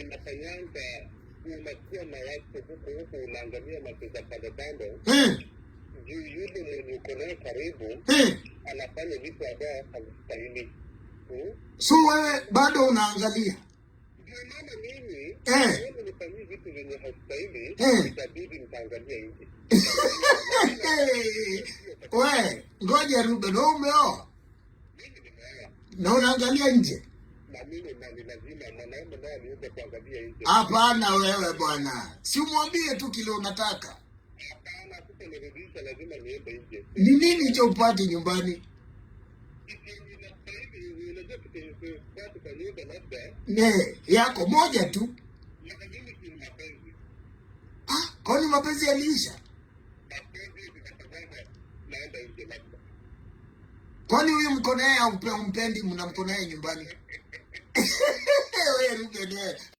inafanyanga na watu huku huku, unaangalia hmm. juu yule mwenye karibu hmm. anafanya vitu ambayo havistahili. Hmm? So wewe bado unaangalia eh. eh. ngoja, Ruben, wewe umeoa na unaangalia nje Hapana wewe bwana, si umwambie tu kile unataka. Ni nini cha upati nyumbani? Ne, yako moja tu. Ah, kwani mapenzi yaliisha? Kwani huyu mkonaye umpendi, mnamkonaye nyumbani? Hell yeah, this